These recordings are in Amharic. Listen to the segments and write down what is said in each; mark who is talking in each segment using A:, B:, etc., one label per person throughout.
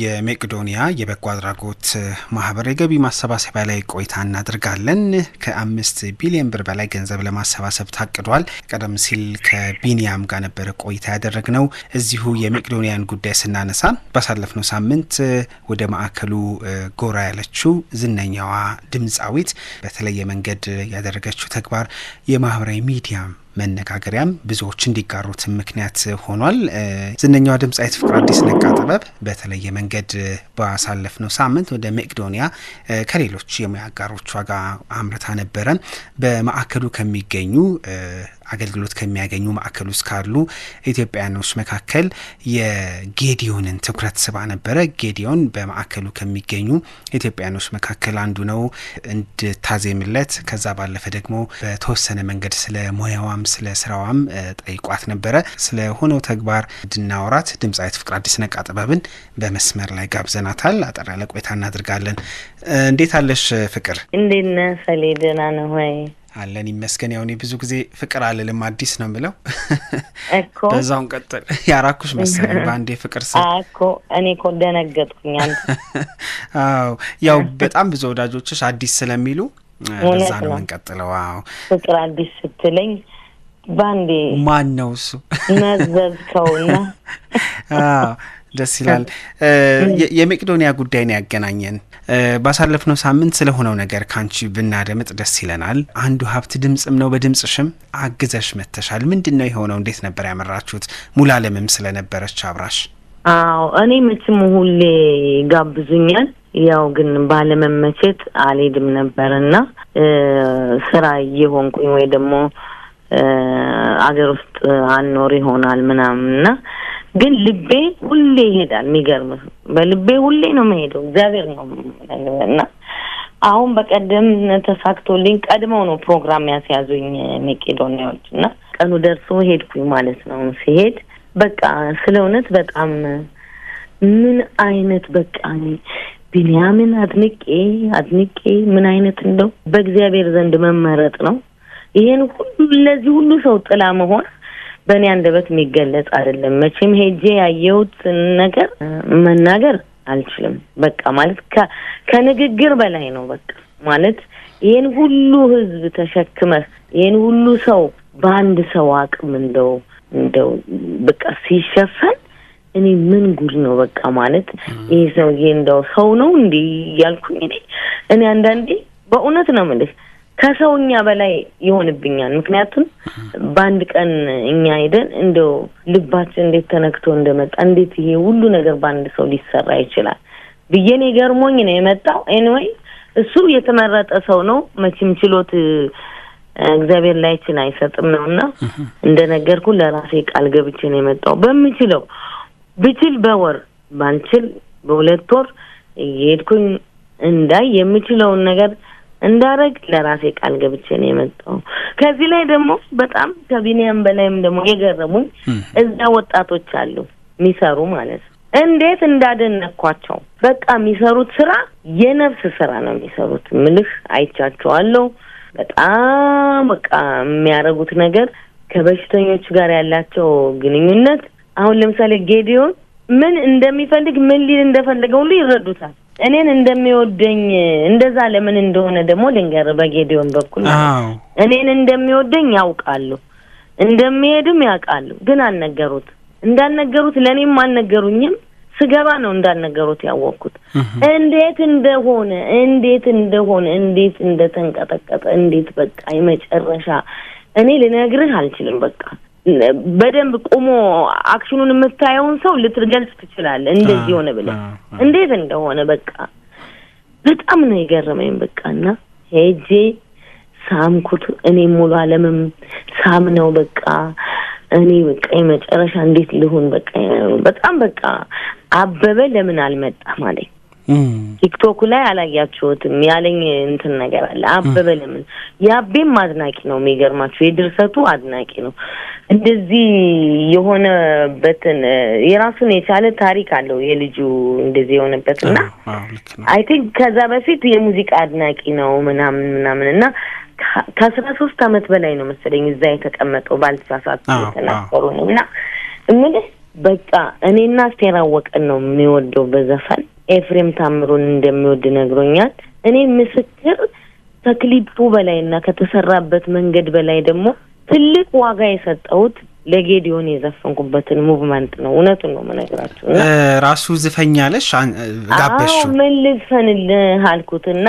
A: የመቄዶንያ የበጎ አድራጎት ማህበር የገቢ ማሰባሰቢያ ላይ ቆይታ እናደርጋለን። ከአምስት ቢሊዮን ብር በላይ ገንዘብ ለማሰባሰብ ታቅዷል። ቀደም ሲል ከቢኒያም ጋር ነበረ ቆይታ ያደረግነው። እዚሁ የመቄዶንያን ጉዳይ ስናነሳ ባሳለፍነው ሳምንት ወደ ማዕከሉ ጎራ ያለችው ዝነኛዋ ድምፃዊት በተለየ መንገድ ያደረገችው ተግባር የማህበራዊ ሚዲያ መነጋገሪያም ብዙዎች እንዲጋሩት ምክንያት ሆኗል። ዝነኛዋ ድምጻዊት ፍቅር አዲስ ነቃ ጥበብ በተለየ መንገድ ባሳለፍነው ሳምንት ወደ መቄዶንያ ከሌሎች የሙያ አጋሮቿ ጋር አምርታ ነበረ። በማዕከሉ ከሚገኙ አገልግሎት ከሚያገኙ ማዕከል ውስጥ ካሉ ኢትዮጵያውያኖች መካከል የጌዲዮንን ትኩረት ስባ ነበረ። ጌዲዮን በማዕከሉ ከሚገኙ ኢትዮጵያውያኖች መካከል አንዱ ነው። እንድታዜምለት ከዛ ባለፈ ደግሞ በተወሰነ መንገድ ስለ ሙያዋም ስራዋም ስለ ስራዋም ጠይቋት ነበረ። ስለ ሆነው ተግባር እንድናወራት ድምፃዊት ፍቅር አዲስ ነቃ ጥበብን በመስመር ላይ ጋብዘናታል። አጠር ያለ ቆይታ እናድርጋለን። እንዴት አለሽ ፍቅር?
B: እንዴት ነህ ሰሌ? ደህና ነህ ወይ?
A: አለን ይመስገን። ያው እኔ ብዙ ጊዜ ፍቅር አልልም አዲስ ነው የምለው። በዛውን ቀጥል። ያራኩሽ መሰለኝ በአንዴ ፍቅር
B: ስል እኮ እኔ እኮ ደነገጥኩኛል።
A: አዎ ያው በጣም ብዙ ወዳጆችሽ አዲስ ስለሚሉ በዛ ነው የምንቀጥለው። አዎ
B: ፍቅር አዲስ ስትለኝ ባንዴ
A: ማን ነው እሱ
B: መዘዝከውና
A: ደስ ይላል። የመቄዶንያ ጉዳይ ነው ያገናኘን። ባሳለፍነው ሳምንት ስለሆነው ነገር ካንቺ ብናደምጥ ደስ ይለናል። አንዱ ሀብት ድምፅም ነው። በድምፅ ሽም አግዘሽ መተሻል። ምንድን ነው የሆነው? እንዴት ነበር ያመራችሁት? ሙሉ አለምም ስለነበረች አብራሽ።
B: አዎ እኔ መቼም ሁሌ ጋብዙኛል። ያው ግን ባለመመቸት አልሄድም ነበርና ስራ እየሆንኩኝ ወይ ደግሞ አገር ውስጥ አልኖር ይሆናል ምናምን እና ግን ልቤ ሁሌ ይሄዳል። የሚገርም በልቤ ሁሌ ነው የሚሄደው እግዚአብሔር ነው እና አሁን በቀደም ተሳክቶልኝ ቀድመው ነው ፕሮግራም ያስያዙኝ ሜቄዶኒያዎች እና ቀኑ ደርሶ ሄድኩኝ ማለት ነው። ሲሄድ በቃ ስለ እውነት በጣም ምን አይነት በቃ ቢንያምን አድንቄ አድንቄ ምን አይነት እንደው በእግዚአብሔር ዘንድ መመረጥ ነው ይህን ሁሉ ለዚህ ሁሉ ሰው ጥላ መሆን በእኔ አንደበት የሚገለጽ አይደለም። መቼም ሄጄ ያየሁት ነገር መናገር አልችልም። በቃ ማለት ከንግግር በላይ ነው። በቃ ማለት ይህን ሁሉ ህዝብ ተሸክመህ ይህን ሁሉ ሰው በአንድ ሰው አቅም እንደው እንደው በቃ ሲሸፈን እኔ ምን ጉድ ነው በቃ ማለት ይህ ሰውዬ እንደው ሰው ነው እንዲህ እያልኩኝ እኔ እኔ አንዳንዴ በእውነት ነው የምልሽ ከሰውኛ በላይ ይሆንብኛል። ምክንያቱም በአንድ ቀን እኛ ሄደን እንደው ልባችን እንዴት ተነክቶ እንደመጣ እንዴት ይሄ ሁሉ ነገር በአንድ ሰው ሊሰራ ይችላል ብዬን ገርሞኝ ነው የመጣው። ኤኒዌይ እሱ የተመረጠ ሰው ነው መቼም ችሎት እግዚአብሔር ላይ ችን አይሰጥም ነው እና እንደነገርኩ ለራሴ ቃል ገብቼ ነው የመጣው። በምችለው ብችል በወር ባንችል በሁለት ወር እየሄድኩኝ እንዳይ የምችለውን ነገር እንዳረግ ለራሴ ቃል ገብቼ ነው የመጣው። ከዚህ ላይ ደግሞ በጣም ከቢኒያም በላይም ደግሞ የገረሙኝ እዛ ወጣቶች አሉ የሚሰሩ ማለት ነው። እንዴት እንዳደነኳቸው በቃ የሚሰሩት ስራ የነፍስ ስራ ነው የሚሰሩት። ምልህ አይቻቸዋለሁ። በጣም በቃ የሚያደርጉት ነገር ከበሽተኞች ጋር ያላቸው ግንኙነት አሁን ለምሳሌ ጌዲዮን ምን እንደሚፈልግ ምን ሊል እንደፈለገ ሁሉ ይረዱታል። እኔን እንደሚወደኝ እንደዛ ለምን እንደሆነ ደግሞ ልንገር። በጌዲዮን በኩል እኔን እንደሚወደኝ ያውቃሉ፣ እንደሚሄድም ያውቃሉ። ግን አልነገሩት። እንዳልነገሩት ለእኔም አልነገሩኝም። ስገባ ነው እንዳልነገሩት ያወቅኩት። እንዴት እንደሆነ እንዴት እንደሆነ እንዴት እንደተንቀጠቀጠ እንዴት በቃ የመጨረሻ እኔ ልነግርህ አልችልም። በቃ በደንብ ቆሞ አክሽኑን የምታየውን ሰው ልትገልጽ ትችላለ እንደዚህ ሆነ ብለ እንዴት እንደሆነ በቃ በጣም ነው የገረመኝ። በቃ እና ሄጄ ሳምኩት። እኔ ሙሉ አለምም ሳም ነው በቃ እኔ በቃ የመጨረሻ እንዴት ልሁን በቃ በጣም በቃ አበበ ለምን አልመጣም አለኝ። ቲክቶክ ላይ አላያችሁትም ያለኝ እንትን ነገር አለ። አበበ ለምን የአቤም አድናቂ ነው። የሚገርማችሁ የድርሰቱ አድናቂ ነው። እንደዚህ የሆነበትን የራሱን የቻለ ታሪክ አለው የልጁ እንደዚህ የሆነበት እና አይ ቲንክ ከዛ በፊት የሙዚቃ አድናቂ ነው ምናምን ምናምን እና ከአስራ ሶስት አመት በላይ ነው መሰለኝ እዛ የተቀመጠው ባልተሳሳት የተናገሩ ነው እና እምልህ በቃ እኔና አስቴር አወቀን ነው የሚወደው በዘፈን ኤፍሬም ታምሩን እንደሚወድ ነግሮኛል። እኔ ምስክር ከክሊፑ በላይ እና ከተሰራበት መንገድ በላይ ደግሞ ትልቅ ዋጋ የሰጠሁት ለጌዲዮን የዘፈንኩበትን ሙቭመንት ነው። እውነቱን ነው የምነግራችሁ።
A: ራሱ ዝፈኛለሽ አለሽ ጋበሽ
B: ምን ልዝፈንልህ አልኩት እና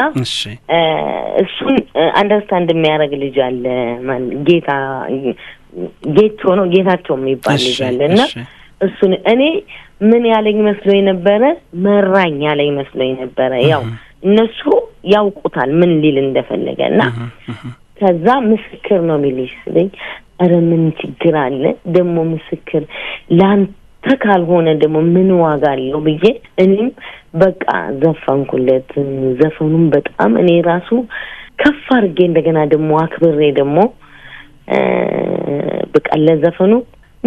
B: እሱን አንደርስታንድ የሚያደርግ ልጅ አለ። ጌታ ጌቾ ነው ጌታቸው የሚባል ልጅ አለ እና እሱን እኔ ምን ያለኝ መስሎኝ ነበረ፣ መራኝ ያለኝ መስሎኝ ነበረ። ያው እነሱ ያውቁታል ምን ሊል እንደፈለገ እና ከዛ ምስክር ነው የሚልሽ ስለኝ፣ ኧረ ምን ችግር አለ ደግሞ ምስክር ላንተ ካልሆነ ደግሞ ምን ዋጋ አለው ብዬ እኔም በቃ ዘፈንኩለት። ዘፈኑም በጣም እኔ ራሱ ከፍ አድርጌ እንደገና ደግሞ አክብሬ ደግሞ በቃ ለዘፈኑ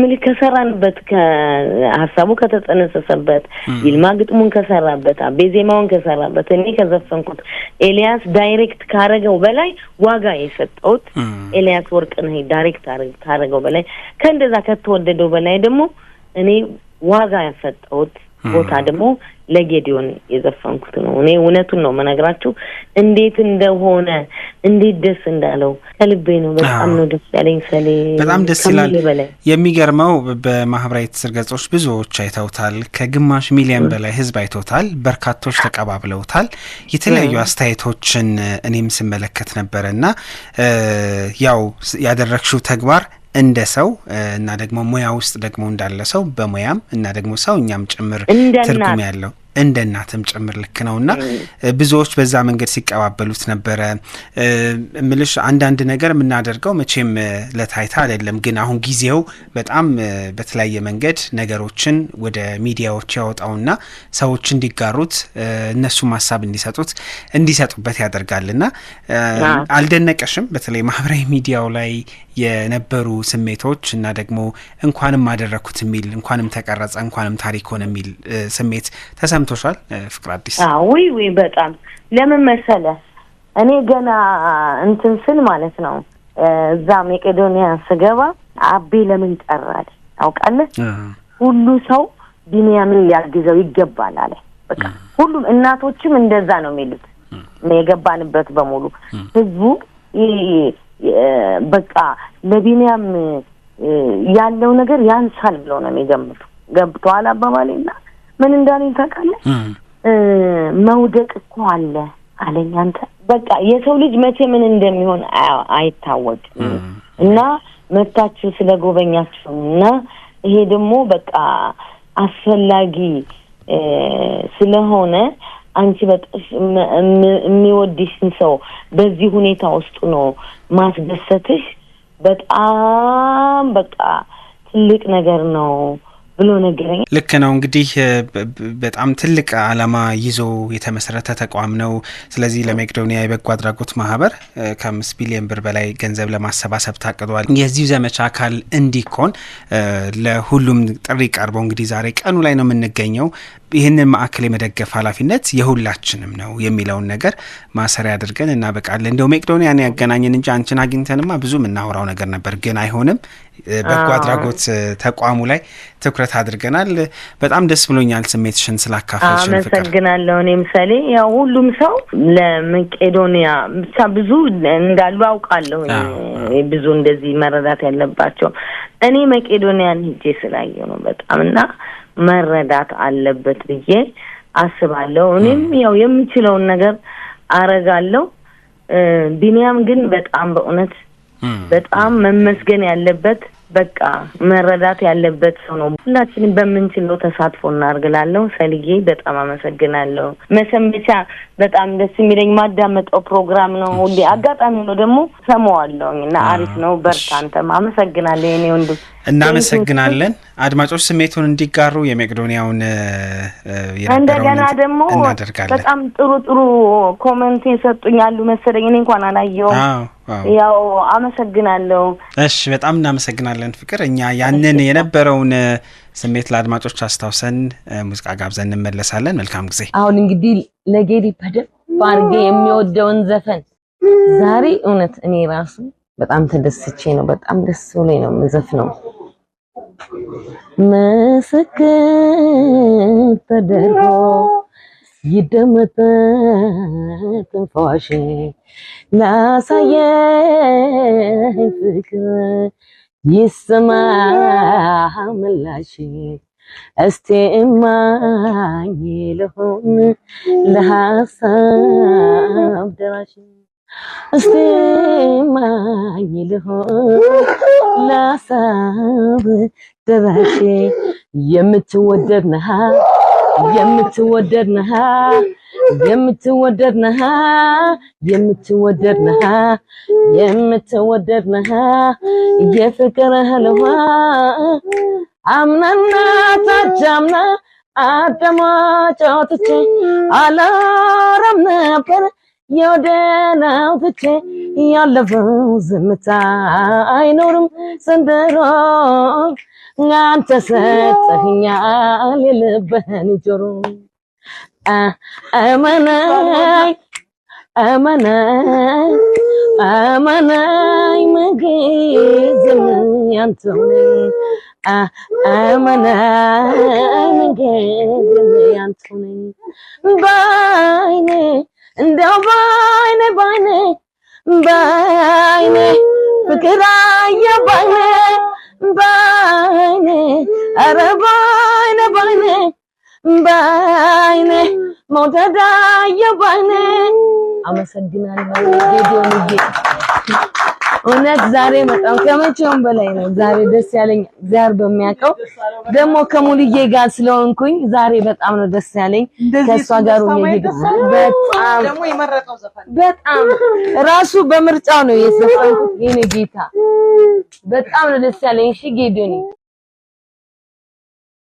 B: ምን ከሰራንበት ሀሳቡ ከተጠነሰሰበት ይልማ ግጥሙን ከሰራበት አቤ ዜማውን ከሰራበት እኔ ከዘፈንኩት ኤልያስ ዳይሬክት ካረገው በላይ ዋጋ የሰጠውት ኤልያስ ነ ዳይሬክት ካረገው በላይ ከእንደዛ ከተወደደው በላይ ደግሞ እኔ ዋጋ ያሰጠውት ቦታ ደግሞ ለጌዲዮን የዘፈንኩት ነው። እኔ እውነቱን ነው የምነግራችሁ። እንዴት እንደሆነ እንዴት ደስ እንዳለው ከልቤ ነው። በጣም ነው ደስ ያለኝ። ሰሌ
A: በጣም ደስ ይላል። የሚገርመው በማህበራዊ ትስስር ገጾች ብዙዎች አይተውታል። ከግማሽ ሚሊዮን በላይ ህዝብ አይተውታል። በርካቶች ተቀባብለውታል። የተለያዩ አስተያየቶችን እኔም ስመለከት ነበረ እና ያው ያደረግሽው ተግባር እንደ ሰው እና ደግሞ ሙያ ውስጥ ደግሞ እንዳለ ሰው በሙያም እና ደግሞ ሰው እኛም ጭምር ትርጉም ያለው እንደ እናትም ጭምር ልክ ነው። እና ብዙዎች በዛ መንገድ ሲቀባበሉት ነበረ። ምልሽ አንዳንድ ነገር የምናደርገው መቼም ለታይታ አይደለም፣ ግን አሁን ጊዜው በጣም በተለያየ መንገድ ነገሮችን ወደ ሚዲያዎች ያወጣውና ሰዎች እንዲጋሩት እነሱም ሀሳብ እንዲሰጡት እንዲሰጡበት ያደርጋልና አልደነቀሽም? በተለይ ማህበራዊ ሚዲያው ላይ የነበሩ ስሜቶች እና ደግሞ እንኳንም አደረግኩት የሚል እንኳንም ተቀረጸ እንኳንም ታሪክ ሆነ የሚል ስሜት ተሰምቶሻል ፍቅር አዲስ?
B: ውይ ውይ በጣም ለምን መሰለ እኔ ገና እንትን ስል ማለት ነው እዛ መቄዶንያ ስገባ አቤ ለምን ጠራል ታውቃለህ? ሁሉ ሰው ቢንያምን ሊያግዘው ይገባል አለ። በቃ ሁሉም እናቶችም እንደዛ ነው የሚሉት የገባንበት በሙሉ ህዝቡ በቃ ለቢኒያም ያለው ነገር ያንሳል ብሎ ነው የሚገምቱ። ገብቶ አባባሌና ምን እንዳለኝ ታውቃለህ? መውደቅ እኮ አለ አለኝ። አንተ በቃ የሰው ልጅ መቼ ምን እንደሚሆን አይታወቅም። እና መታችሁ ስለ ጎበኛችሁ እና ይሄ ደግሞ በቃ አስፈላጊ ስለሆነ አንቺ የሚወድሽን ሰው በዚህ ሁኔታ ውስጥ ነው ማስደሰትሽ በጣም በቃ ትልቅ ነገር ነው ብሎ ነገረኝ።
A: ልክ ነው እንግዲህ በጣም ትልቅ ዓላማ ይዞ የተመሰረተ ተቋም ነው። ስለዚህ ለመቄዶንያ የበጎ አድራጎት ማህበር ከአምስት ቢሊዮን ብር በላይ ገንዘብ ለማሰባሰብ ታቅዷል። የዚሁ ዘመቻ አካል እንዲኮን ለሁሉም ጥሪ ቀርበው እንግዲህ ዛሬ ቀኑ ላይ ነው የምንገኘው። ይህንን ማዕከል የመደገፍ ኃላፊነት የሁላችንም ነው የሚለውን ነገር ማሰሪያ አድርገን እናበቃለን። እንደው መቄዶንያን ያገናኘን እንጂ አንቺን አግኝተንማ ብዙ የምናወራው ነገር ነበር፣ ግን አይሆንም። በጎ አድራጎት ተቋሙ ላይ ትኩረት አድርገናል። በጣም ደስ ብሎኛል ስሜትሽን
B: ስላካፈልሽን። አመሰግናለሁ። እኔ ምሳሌ ያው ሁሉም ሰው ለመቄዶንያ ብቻ ብዙ እንዳሉ አውቃለሁ፣ ብዙ እንደዚህ መረዳት ያለባቸው እኔ መቄዶንያን ሄጄ ስላየ ነው በጣም እና መረዳት አለበት ብዬ አስባለሁ። እኔም ያው የምችለውን ነገር አረጋለሁ። ቢኒያም ግን በጣም በእውነት በጣም መመስገን ያለበት በቃ መረዳት ያለበት ሰው ነው። ሁላችንም በምንችለው ተሳትፎ እናርግላለሁ። ሰልዬ በጣም አመሰግናለሁ። መሰንበቻ በጣም ደስ የሚለኝ ማዳመጠው ፕሮግራም ነው። ሁሌ አጋጣሚ ነው ደግሞ ሰማዋለሁኝ እና አሪፍ ነው። በርታ አንተም። አመሰግናለሁ የኔ ወንድም።
A: እናመሰግናለን። አድማጮች ስሜቱን እንዲጋሩ የመቄዶንያውን
B: እንደገና ደግሞ በጣም ጥሩ ጥሩ ኮመንት የሰጡኛሉ መሰለኝ እኔ እንኳን አላየው። ያው አመሰግናለሁ።
A: እሺ በጣም እናመሰግናለን ፍቅር። እኛ ያንን የነበረውን ስሜት ለአድማጮች አስታውሰን ሙዚቃ ጋብዘን እንመለሳለን። መልካም ጊዜ።
B: አሁን እንግዲህ ለጌዲ በደንብ አድርጌ የሚወደውን ዘፈን ዛሬ እውነት እኔ ራሱ በጣም ተደስቼ ነው። በጣም ደስ ብሎኝ ነው የምዘፍነው። ምስክር ተደርጎ ይደመጠ ትንፋሽ ላሳየህ ፍቅር ይሰማ ምላሽ እስቲ እማኝ ልሆን ለሀሳብ ደራሽ እስቲ ማኝ ልሆን ላሳብ ደራሼ የምትወደድ ነሃ የምትወደድ ነሃ የምትወደድ ነሃ የምትወደድ ነሃ የምትወደድ ነሃ የፍቅር እህልዋ አምናና ታጃምና አዳማ ጫወትቼ አላረም ነበር የወደናው ትቼ ያለፈው ዝምታ አይኖርም ዘንድሮ አንተ ሰጠኸኛል የልብህን ጆሮ አመናኝ አመናኝ አመናኝ ምግዝም ያንተው አመናኝ ምግዝም ያንተው ሞተዳ እየባልን አመሰግናለሁ። ጌዲዮንዬ እውነት ዛሬ በጣም ከመቼውም በላይ ነው። ዛሬ ደስ ያለኝ እግዚአብሔር በሚያውቀው ደግሞ ከሙልዬ ጋር ስለሆንኩኝ ዛሬ በጣም ነው ደስ ያለኝ። ከእሷ ጋር ሆኜ በጣም በጣም ራሱ በምርጫው ነው የዘፈንኩት። የኔ ጌታ በጣም ነው ደስ ያለኝ። እሺ ጌዲዮን